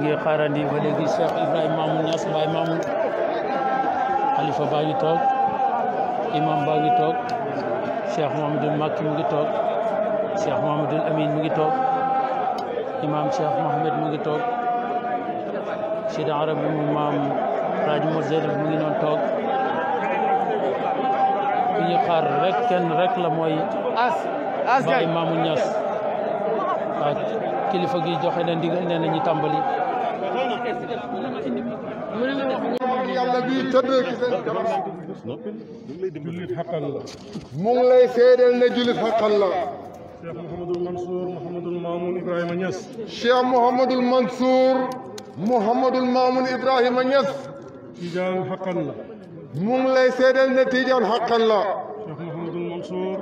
ngi xaarandi ba léegi Cheikh Ibrahima Mamoun Niass Baye Mamoun xalifa baa ngi toog imam baa ngi toog Cheikh Mouhamadoul Makki mu ngi toog Cheikh Mouhamadoul Amine mu ngi toog imam Cheikh Mohamed mu ngi toog Sidi Arabi mu maam Rajo Mourzéne mu ngi noon toog fi ñu xaar rek kenn rek la mooy Baye Mamoun Niass waaw kilifa gi joxe na ndigal nee na ñu tàmbali yàlla bi tëdd ci seen kanam jullit xaqal la mu ngi lay seedeel ne jullit xaqal la cheikh Mouhamadul Mansour Mouhamadul Mamoun Ibrahima Niass cheikh Mouhamadul Mansour Mouhamadul Mamoun Ibrahima Niass Tijaan xaqal la mu ngi lay seedeel ne Tijaan xaqal la cheikh Mouhamadul Mansour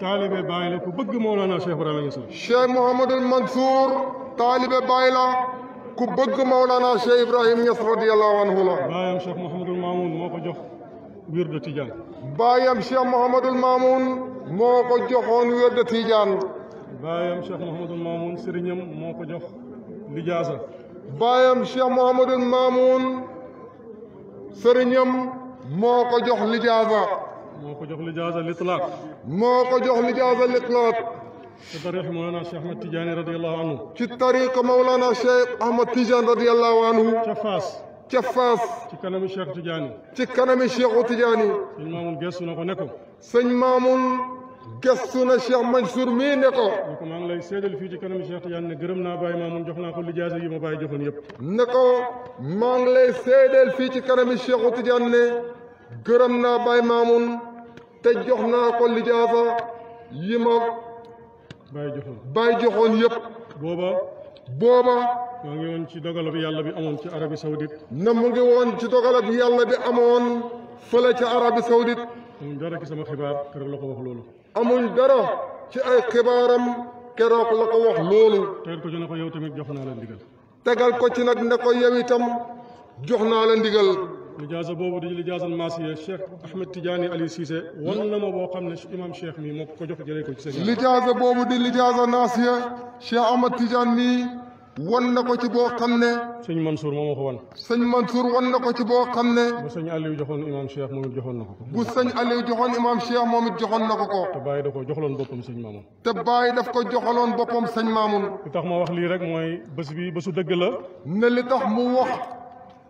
taalibe bàyyi la ku bëgg Mawlana cheikh Ibrahima Niass la cheikh Mouhamadul Mansour taalibe bàyyi la ku bëgg Maulana Cheikh Ibrahim Niass radiyallahu anhu la. baayam Cheikh Mouhamadul Mamoun moo ko moo ko joxoon wirdu Tijaan. baayam Cheikh Mouhamadul Mamoun moo ko jox lijaasa. baayam Cheikh Mouhamadul Mamoun sëriñam moo moo ko jox moo ko jox lijaasa litlaaq. ci tariqa Mawlana Cheikh Ahmed Tidiane radiyallahu anhu. ci tariqa Mawlana Cheikh Ahmed Tidiane radiyallahu anhu. ca Faas. ca Faas. ci kanamu Cheikh Tidiane. ci kanamu Cheikh Tidiane. sëñ Mamoun gëstu na ko ne ko. sëñ Mamoun. gëstu na Cheikh Mansour mii ne ko. ne ko maa ngi lay seedal fii ci kanam Cheikh Tidiane ne gërëm naa Baye Mamoun jox naa ko lijaasa yi ma Baye joxoon yëpp. ne ko maa ngi lay seedal fii ci kanam Cheikh Tidiane ne gërëm naa Baye Mamoun te jox naa ko lijaasa yi ma bàyyi joxoon bàyyi joxoon yëpp. booba. booba. maa ngi woon ci dogalab yàlla bi amoon ci Arabie Saoudite. na mu ngi woon ci dogalab yàlla bi amoon fële ca Arabie Saoudite. amuñ dara ci sama xibaar keroog la ko wax loolu. amuñ dara ci ay xibaaram keroog la ko wax loolu. tegal ko ci ne ko yow tamit jox naa la ndigal. tegal ko ci nag ne ko yow itam jox naa la ndigal. lijaasa boobu di lijaasal maasiya Cheikh Ahmed Tidiane Ali Cissé wan na ma boo xam ne imam Cheikh mi moo ko jox jëlee ko sëñ lijaasa boobu di lijaasa naasiya Cheikh Ahmed Tidiane mi wan na ko ci boo xam ne sëñ Mansour moo ma ko wan sëñ Mansour wan na ko ci boo xam ne bu sëñ Aliou joxoon imam Cheikh moom joxoon na ko ko bu sëñ Aliou joxoon imam Cheikh moom it joxoon na ko ko te bàyyi da ko joxaloon boppam sëñ Maamun te bàyyi daf ko joxaloon boppam sëñ Maamun li tax ma wax lii rek mooy bés bi bésu dëgg la ne li tax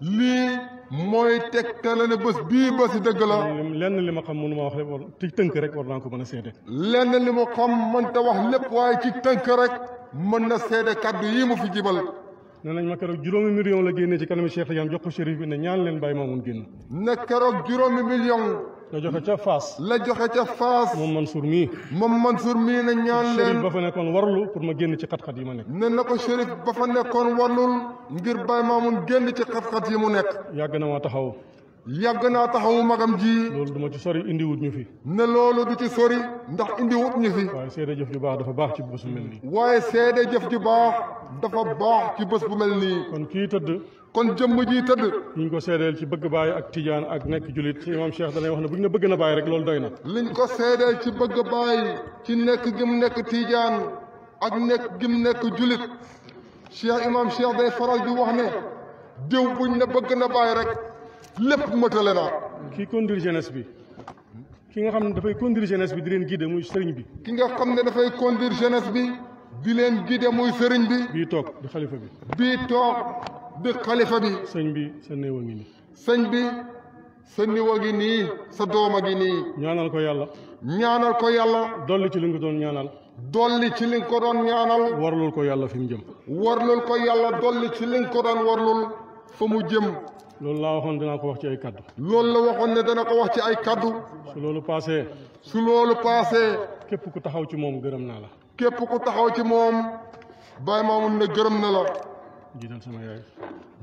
lii mooy tegtale ne bés bii bési dëgg la. lenn li ma xam mënu ma wax lépp war ci tënk rek war naa ko mën a seede. lenn li ma xam mënta wax lépp waaye ci tënk rek mën na seede kaddu yii mu fi jibal. nee nañ ma keroog juróomi million la génnee ci kanamu Cheikh Tidiane jox ko shérif bi ne ñaan leen bàyyi maamun génn. ne keroog juróomi million. la joxe ca Faas. la joxe ca Faas. moom Mansour mii. moom Mansour mii na ñaan leen. ba fa nekkoon warlu pour ma génn ci xat-xat yi ma nekk. ne na ko Chérif ba fa nekkoon warlul ngir Baye Mamoun génn ci xat-xat yi mu nekk. yàgg na ma taxaw. yàgg naa taxawu magam ji. loolu du ma ci sori indiwut ñu fi. ne loolu du ci sori ndax indiwut ñu fi. waaye seede jëf ju baax dafa baax ci bés bu mel nii. waaye seede jëf ju baax dafa baax ci bés bu mel nii. kon kii tëdd. kon jëmm ji tëdd. ñu ko seedeel ci bëgg baay ak tiijaan ak nekk julit si imam Cheikh danay wax ne bu ñu ne bëgg na baay rek loolu doy na. liñ ko seedeel ci bëgg baay ci nekk gim nekk tijaan ak nekk gim nekk julit Cheikh imam Cheikh day faral di wax ne diw buñ ne bëgg rek. lépp matale naa. kii conduire jeunesse bi ki nga xam ne dafay conduire jeunesse bi di leen guider muy sëriñ bi. ki nga xam ne dafay conduire jeunesse bi di leen guider muy sëriñ bi. bii toog di xalifa bi. bii toog di xalifa bi. sëñ bi sa néew ngi nii. sëñ bi sa néew ngi nii sa doom a ngi nii. ñaanal ko yàlla. ñaanal ko yàlla. dolli ci li nga doon ñaanal. dolli ci li nga ko doon ñaanal. warlul ko yàlla fi mu jëm. warlul ko yàlla dolli ci li nga ko doon warlul fa mu jëm. loolu laa waxoon danaa ko wax ci ay kaddu. loolu la waxoon ne dana ko wax ci ay kaddu. su loolu paasee. su loolu paase képp ku taxaw ci moom gërëm naa la. képp ku taxaw ci moom. Baye Mamoune ne gërëm na la. jiital sama yaay.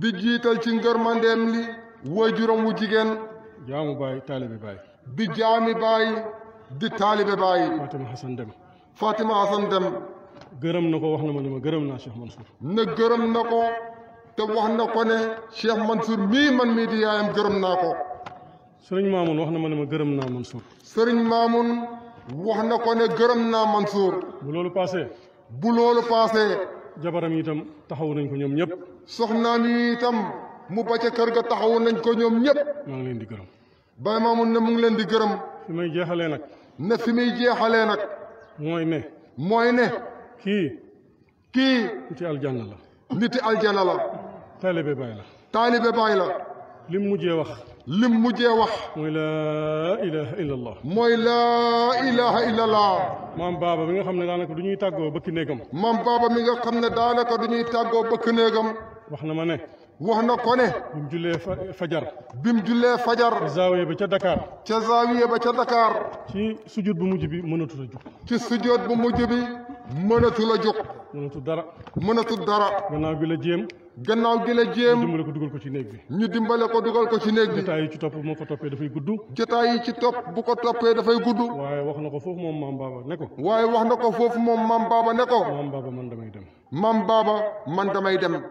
bi jiital ci ngërmandeem li. waajuram wu jigéen. jaamu baay taalibe baay. di jaami baay. di taalibe baay. Fatima Hassan Deme. Fatima Hassan Deme. gërëm na ko wax na ma ne ma gërëm naa Cheikh Mansour. ne gërëm na ko. te wax na ko ne Cheikh Mansour mii man mii di yaayam gërëm naa ko. sëriñ Mamoun wax na ma ne ma gërëm naa Mansour. sëriñ Mamoun wax na ko ne gërëm naa Mansour. bu loolu paasee. bu loolu paasee. jabaram yi itam taxawu nañ ko ñoom ñëpp. soxnaam yi itam mu ba ca kër ga taxawu nañ ko ñoom ñëpp. maa ngi leen di gërëm. Baye Mamoun ne mu ngi leen di gërëm. fi may jeexalee nag. ne fi muy jeexalee nag. mooy ne. mooy ne. kii. kii. niti aljana la. niti aljana la. taalibe baay la. taalibe baay la. lim mujjee wax. lim mujjee wax. mooy laa ilaha illallah. mooy laa ilaha illallah. maam baaba mi nga xam ne daanaka du ñuy tàggoo bëkk néegam. maam baaba mi nga xam ne daanaka du ñuy tàggoo bëkk néegam. wax na ma ne. wax na ko ne. bi mu jullee fajar. bi mu jullee fajar. zaawiya ba ca Dakar. ca zaawiya ba ca Dakar. ci sujjóot bu mujj bi mënatul a jug. ci sujjóot bu mujj mënatu la jóg. mënatu dara. mënatu dara. gannaaw gi la jéem. gannaaw gi la jéem. ñu dimbale ko dugal ko ci néeg bi. ñu dimbale ko dugal ko ci néeg bi. jotaay yi ci topp bu ko toppee dafay gudd. jotaay yi ci topp bu ko toppee dafay gudd. waaye wax na ko foofu moom maam baaba ne ko. waaye wax na ko foofu moom maam baaba ne ko. maam baaba man damay dem. maam baaba man damay dem.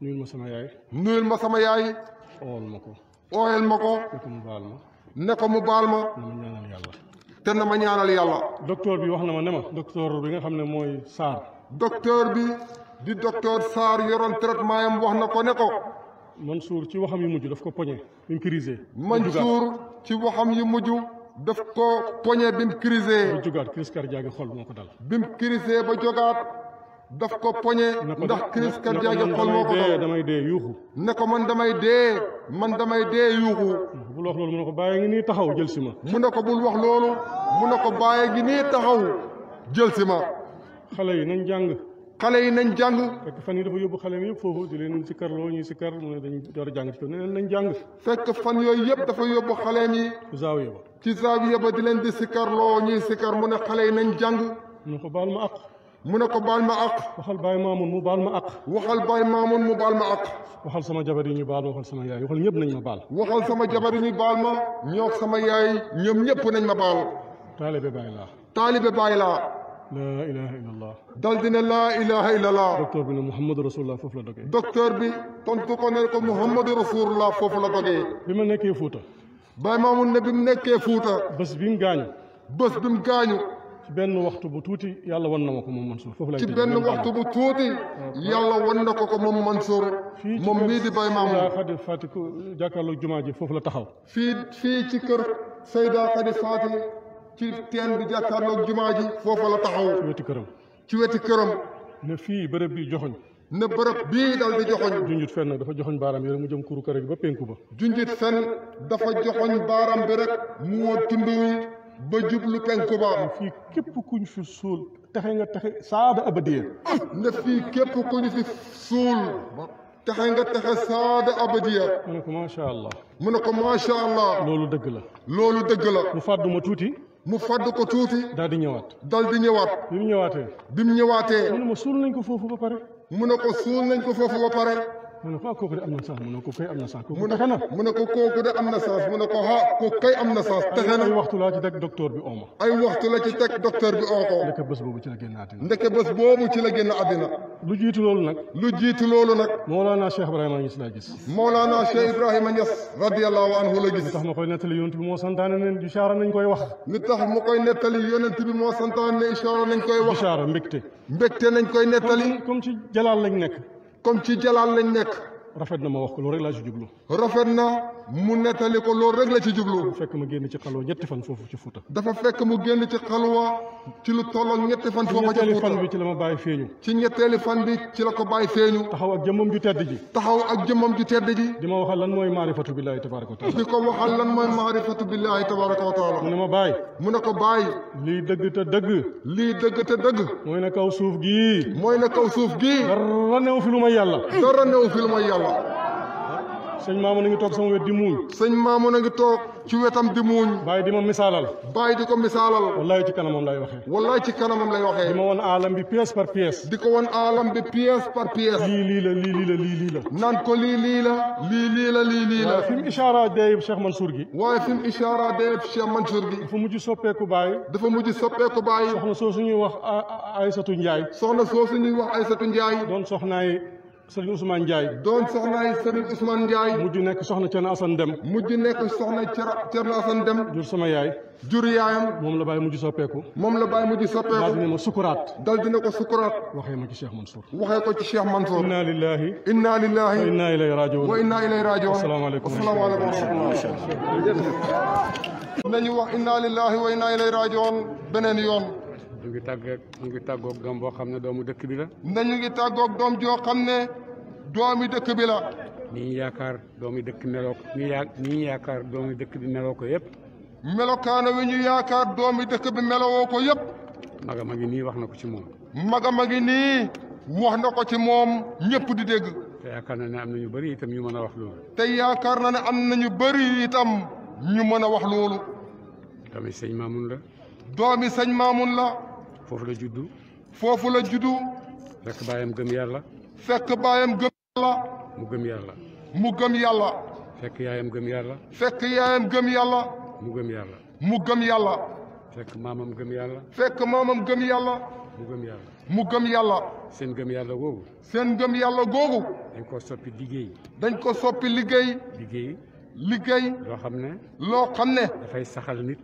nuyul ma sama yaay. nuyul ma sama yaay. ool ma ko. ooyal ma ko. ne ko mu baal ma. ne ko mu baal ma. na ma ñaanal yàlla. te na ma ñaanal yàlla. docteur bi wax na ma ne ma. docteur bi nga xam ne mooy Sarr. docteur bi di docteur Sarr yoroon traitement yam wax na ko ne ko. Mansour ci waxam yi mujj daf ko poñe bi mu crisé. Mansour ci waxam yu mujj daf ko poñe bi mu crisé. ba jógaat crise cardiaque xol moo ko dal. bi mu ba jógaat. daf ko poñe ndax crise cardiaque xol moo ko dal damay dee yuuxu ne ko man damay dee man damay dee yuuxu bul wax loolu mu ne ko bàyyi ngi nii taxaw jël si ma mu ne bul wax loolu mu ne ko bàyyi ngi nii taxaw jël si ma xale yi nañ jàng xale yi nañ jàng fekk fan yi xale yi yëpp foofu di leen si kar loo ñuy si kar dañ door a jàng ci nañ jàng fekk fan yooyu yëpp dafa yóbbu xale yi ci zaawiya ba ci zaawiya ba di leen di si kar loo ñuy si kar mu ne xale yi nañ jàng mu ne ko baal ma àq mu ne ko baal ma àq. waxal baay maamun mu baal ma àq. waxal baay maamun mu baal ma àq. waxal sama jabar yi ñu baal ma waxal sama yaay waxal ñëpp nañ ma baal. waxal sama jabar yi ñu baal ma ñoog sama yaay ñoom ñëpp nañ ma baal. taalibe baay laa. taalibe baay laa. laa ilaha illallah. dal di ne laa ilaha illallah. docteur bi ne Muhammadu Rasulullah foofu la dogee. docteur bi tontu ko ne ko Muhammadu Rasulullah foofu la dogee. bi ma nekkee Fuuta. baay maamun ne bi mu nekkee Fuuta. bés bi mu gaañu. bés bi mu ci benn waxtu bu tuuti yàlla wan na ma ko moom Mansour foofu lay ci benn waxtu bu tuuti yàlla wan na ko ko moom Mansour moom mii di Baye Mamoun Khady Faty jàkkaarloo jumaa ji foofu la taxaw fii fii ci kër Seyda Khady Faty ci teen bi jàkkaarloo jumaa ji foofu la taxaw ci weti këram ne fii bërëb bi joxoñ ne bërëb bii dal di joxoñ junjit fenn dafa joxoñ baaraam bi rek mu jëm kuru kër gi ba ba jublu penku ba. fii képp ku ñu fi suul taxe nga taxe saada abadiya. Ah, na fii képp ku ñu fi suul taxe nga taxe saada abadiya. mu ne ko macha allah. mu ne ko macha allah. loolu dëgg la. loolu dëgg la. mu fàddu ma tuuti. mu fàdd ko tuuti. daal di ñëwaat. daal di ñëwaat. bi mu ñëwaatee. bi mu ñëwaatee. mu ma suul nañ ko foofu ba pare. mu ne ko suul nañ ko foofu ba pare. mu ne ko ah kooku de am na sens mu ne ko kay am na sens. kooku texe na mu ne ko kooku de am na sens mu ne ko ah kooku kay am na sens. texe na ay waxtu laa ci teg docteur bi ooma. ay waxtu la ci teg docteur bi oo ko. ndeke bés boobu ci la génn àddina. ndeke bés boobu ci la génn àddina. lu jiitu loolu nag. lu jiitu loolu nag. Mawlana Cheikh Ibrahima Niass laa gis. Mawlana Cheikh Ibrahima Niass. radiyallahu anhu la gis. li tax ma koy nettali yonent bi moo santaane ne bichaara nañ koy wax. li tax ma koy nettali yonent bi moo santaane ne bichaara nañ koy wax. bichaara mbégte. mbégte nañ koy nettali. comme ci jalaal lañ nekk comme ci jalaal lañ nekk. rafet na ma wax ko loolu rek laa ci jublu. rafet na mu nettali ko loolu rek la ci jublu. dafa fekk mu génn ci xalwa ñetti fan foofu ci Fuuta. dafa fekk mu génn ci xalwa ci lu tolloo ñetti fan. foofu ci Fuuta ci ñetteeli fan bi ci la ma bàyyi feeñu. ci ñetteeli fan bi ci la ko bàyyi feeñu. taxaw ak jëmmam ju tedd ji. taxaw ak jëmmam ju tedd ji. di ma waxal lan mooy maarifatu billaahi tabaaraka wa taala. di ko waxal lan mooy maarifatu billaahi tabaaraka wa taala. mu ne ma bàyyi. mu ne ko bàyyi. lii dëgg te dëgg. lii dëgg te dëgg. mooy na kaw suuf gii. mooy na kaw suuf gii. dara newu fi lu may yàlla. dara newu fi lu may sëñ Mamoune a ngi toog sama wet di muuñ sëñ Mamoune a ngi toog ci wetam di muuñ bàyyi di ma misaalal bàyyi di ko misaalal wallaay ci kanamam lay waxee wallaay ci kanamam lay waxee lii lii la lii lii la lii lii la naan ko lii lii la lii lii la lii lii la waaye ishaara deyib Cheikh Mansour gi waaye fi mu ishaara deyib Cheikh Mansour gi dafa mujj soppeeku bàyyi dafa mujj soppeeku bàyyi soxna soo suñuy wax Aysatu Njaay soxna soo suñuy wax Aysatu Njaay doon soxnaay sëriñ Ousmane Ndiaye. doon soxnaay sëriñ Ousmane Ndiaye. mujj nekk soxna Thierno Assane Deme. mujj nekk soxna Thierno Assane Deme. jur sama yaay. jur yaayam. moom la bàyyi mujj soppeeku. moom la bàyyi mujj soppeeku. daal dina ma sukuraat. dal dina ko sukuraat. waxee ma ci Cheikh Mansour. waxee ko ci Cheikh Mansour. inna lillahi. inna lillahi. wa inna ilayhi raaji'uun. wa inna ilayhi wa rahmatulah. nañu wax inna lillahi yoon. ñu ngi tàggeeg ñu ngi tàggoog doom boo xam ne doomu dëkk bi la. nañu ngi tàggoog doom joo xam ne doomi dëkk bi la. ni ñu yaakaar doomi dëkk meloo ko ni ñu yaakaar doomi dëkk bi meloo ko yëpp. melokaana wi ñu yaakaar doomi dëkk bi melowoo ko yëpp. maga ma ngi nii wax na ko ci moom. maga ma ngi nii wax na ko ci moom ñëpp di dégg. te yaakaar na ne am na ñu bëri itam ñu mën a wax loolu. te yaakaar na ne am na ñu bëri itam ñu mën a wax loolu. doomi sëñ Maamun la. doomi sëñ foofu la juddu. foofu la juddu. fekk baayam gëm yàlla. fekk baayam gëm yàlla. mu gëm yàlla. mu gëm yàlla. fekk yaayam gëm yàlla. fekk yaayam gëm yàlla. mu gëm yàlla. mu gëm yàlla. fekk maamam gëm yàlla. fekk maamam gëm yàlla. mu gëm yàlla. mu gëm yàlla. seen gëm yàlla googu. seen gëm yàlla googu. dañ ko soppi liggéey. dañ ko soppi liggéey. liggéey. liggéey. loo xam ne. loo xam ne. dafay saxal nit.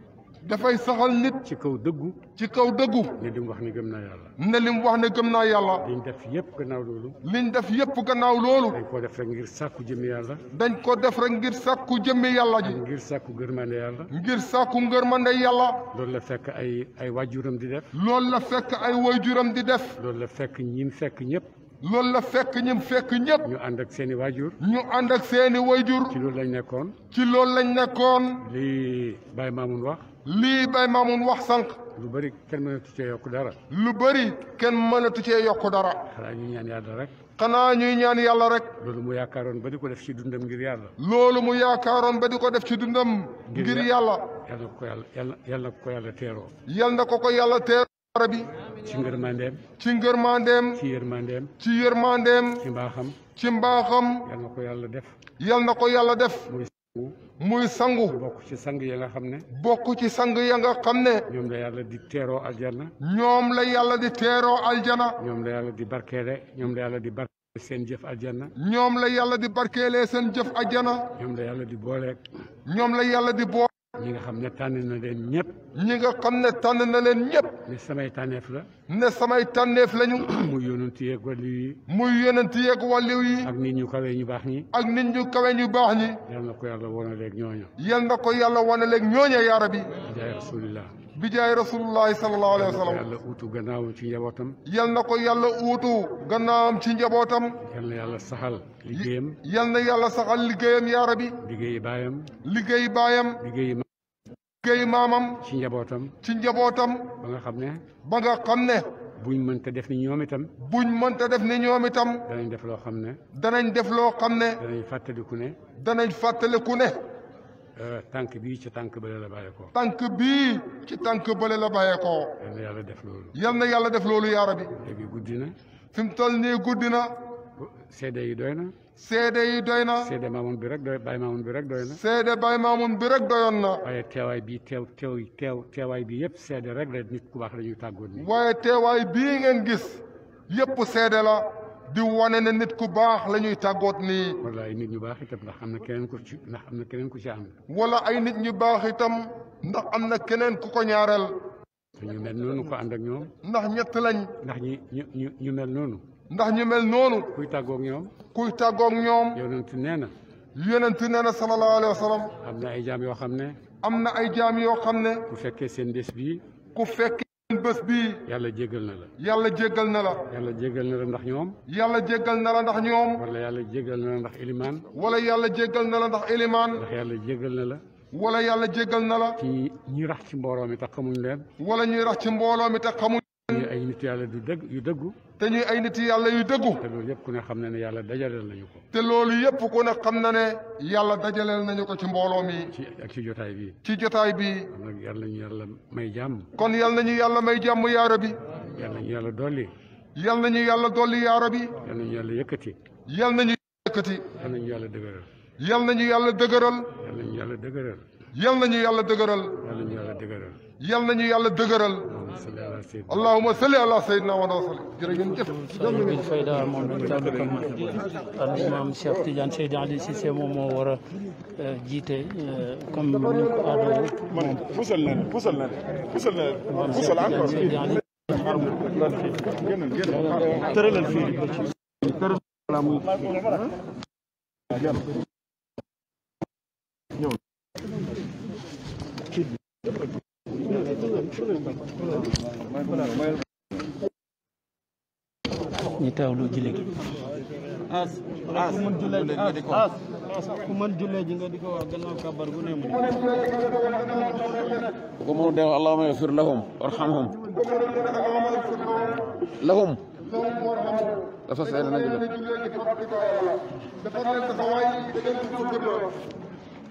dafay saxal nit. ci kaw dëggu. ci kaw dëggu. ne lim wax ni gëm naa yàlla. ne lim wax ne gëm naa yàlla. liñ def yëpp gannaaw loolu. liñ def yëpp gannaaw loolu. dañ koo def rek ngir sàkku jëmmi yàlla. dañ koo def rek ngir sàkku jëmmi yàlla ji. ngir sàkku ngërmande yàlla. ngir sàkku ngërmande yàlla. loolu la fekk ay ay waajuram di def. loolu la fekk ay waajuram di def. loolu la fekk ñim fekk ñëpp. loolu la fekk ñim fekk ñëpp. ñu ànd ak seen waajur. ñu ànd ak seen waajur. ci loolu lañ nekkoon. ci loolu lañ nekkoon. li Baye Mamoun wax. lii Baye Mamoun wax sànq. lu bëri kenn mënatu cee yokk dara. lu bëri kenn mënatu cee yokk dara. xanaa ñuy ñaan yàlla rek. xanaa ñuy ñaan yàlla rek. loolu mu yaakaar yaakaaroon ba di ko def ci dundam ngir yàlla. loolu mu yaakaaroon ba di ko def ci dundam. ngir yàlla yal na ko yàlla yal na ko yàlla teeroo. yal na ko ko yàlla teeroo. rabbi ci ngërmandeem. ci ngërmandeem. ci yërmandeem. ci yërmandeem. ci mbaaxam. ci mbaaxam. yal na ko yàlla def. yal na ko yàlla def. muy sangu. bokk ci sang ya nga xam ne. bokk ci sang ya nga xam ne. ñoom la yàlla di teeroo aljana. ñoom la yàlla di teeroo aljana. ñoom la yàlla di barkeele ñoom la yàlla di barkeele seen jëf aljana. ñoom la yàlla di barkeele seen jëf aljana. ñoom la yàlla di booleeg. yàlla di booleeg. ñi nga xam ne tànn na leen ñëpp. ñi nga xam ne tànn na leen ñëpp. ne samay tànneef la. ne samay tànneef lañu. muy yonent yeeg wàlliw yi. muy yonent yeeg wàlliw yi. ak nit ñu kawe ñu baax ñi. ak nit ñu kawe ñu baax ñi. yal na ko yàlla wanaleeg ñooña. yal na ko yàlla wanaleeg ñooña yaa rabbi. jaay rasulillah. bi jaay rasulullahi sallallahu alayhi wa sallam. yal na ko yàlla uutu gannaawam ci njabootam. yal na ko yàlla uutu gannaawam ci njabootam. yal na yàlla saxal liggéeyam. yal na yàlla saxal liggéeyam yaa rabbi. liggéey baayam. liggéey baayam. liggéey liggéey maamam. ci njabootam. ci njabootam. ba nga xam ne. ba nga xam ne. buñ mënta def ni ñoom itam. buñ mënta def ni ñoom itam. danañ def loo xam ne. danañ def loo xam ne. danañ fàttaliku ne. danañ fàttaliku ne. Euh, tànk bii ci tànk bële la bàyyeekoo. tànk bii ci tànk bële la bàyyeekoo. yal na def loolu. na yàlla def loolu yaa rabbi. léegi guddi na. fi toll nii guddi na. seede yi doy na. seede yi doy na. seede maamun bi rek doy Baye maamun bi rek doy na. seede Baye maamun bi rek doyoon na. waaye teewaay bii teew teew teew teewaay bi yëpp seede rek la nit ku baax la ñuy tàggoon nii. waaye teewaay bii ngeen gis yëpp seede la di wane ne nit ku baax la ñuy tàggoot nii. wala ay nit ñu baax itam ndax am na keneen ku ci ndax am na keneen ku ci am. wala ay nit ñu baax itam ndax am na keneen ku ko ñaareel. ñu mel noonu ko ànd ak ñoom. ndax ñett lañ. ndax ñi ñu ñu ñu mel noonu. ndax ñu mel noonu. kuy tàggoog ñoom. kuy tàggoog ñoom. yonent nee na. yonent nee na sallallahu alayhi wa sallam. am na ay jaam yoo xam ne. am na ay jaam yoo xam ne. ku fekkee seen dés bi ku fekkee seen bés bi yàlla jéggal na la. yàlla jéggal na la. yàlla jéggal na la ndax ñoom. yàlla jéggal na la ndax ñoom. wala yàlla jéggal na la ndax ilimaan. wala yàlla jéggal na la ndax ilimaan. ndax yàlla jéggal na la. wala yàlla jéggal na la. ci ñi rax ci mbooloo mi tax xamuñ leen. wala ay nit yàlla du dëgg yu dëggu. te ñuy ay nit yàlla yu dëggu. te loolu yëpp ku ne xam na ne yàlla dajaleel nañu ko. te loolu yëpp ku ne xam na ne yàlla dajaleel nañu ko ci mbooloo mi. ci ak ci jotaay bii ci jotaay bi. kon nag yàlla nañu may jàmm. kon na ñu yàlla may jàmm yaa rabbi. yàlla nañu yàlla dolli. yàlla yàlla dolli yaa rabbi. yàlla nañu yàlla yëkkati. yàlla nañu yàlla yëkkati. yàlla yàlla dëgëral. yàlla nañu yàlla dëgëral. yàlla nañu yal nañu yàlla dëgëral. yal nañu yàlla dëgëral. yal nañu yàlla dëgëral. allahumma salli ala sayyidina wa sallim. jërëjëf. Sayyidul Fayda moom lañ tànn maam Cheikh Tidiane Seydi Ali Cissé moom moo war a euh, jiite euh, comme ni ko aadoo. moom fusal na fusal na fusal na fusal encore tëralal fii tëralal muy ñu teewlu julli gi as as ku mën jullee ji nga di ko wax gannaaw kabar gu ne mu ko mënu de allahumma yafir lahum warhamhum lahum dafa seen na jullee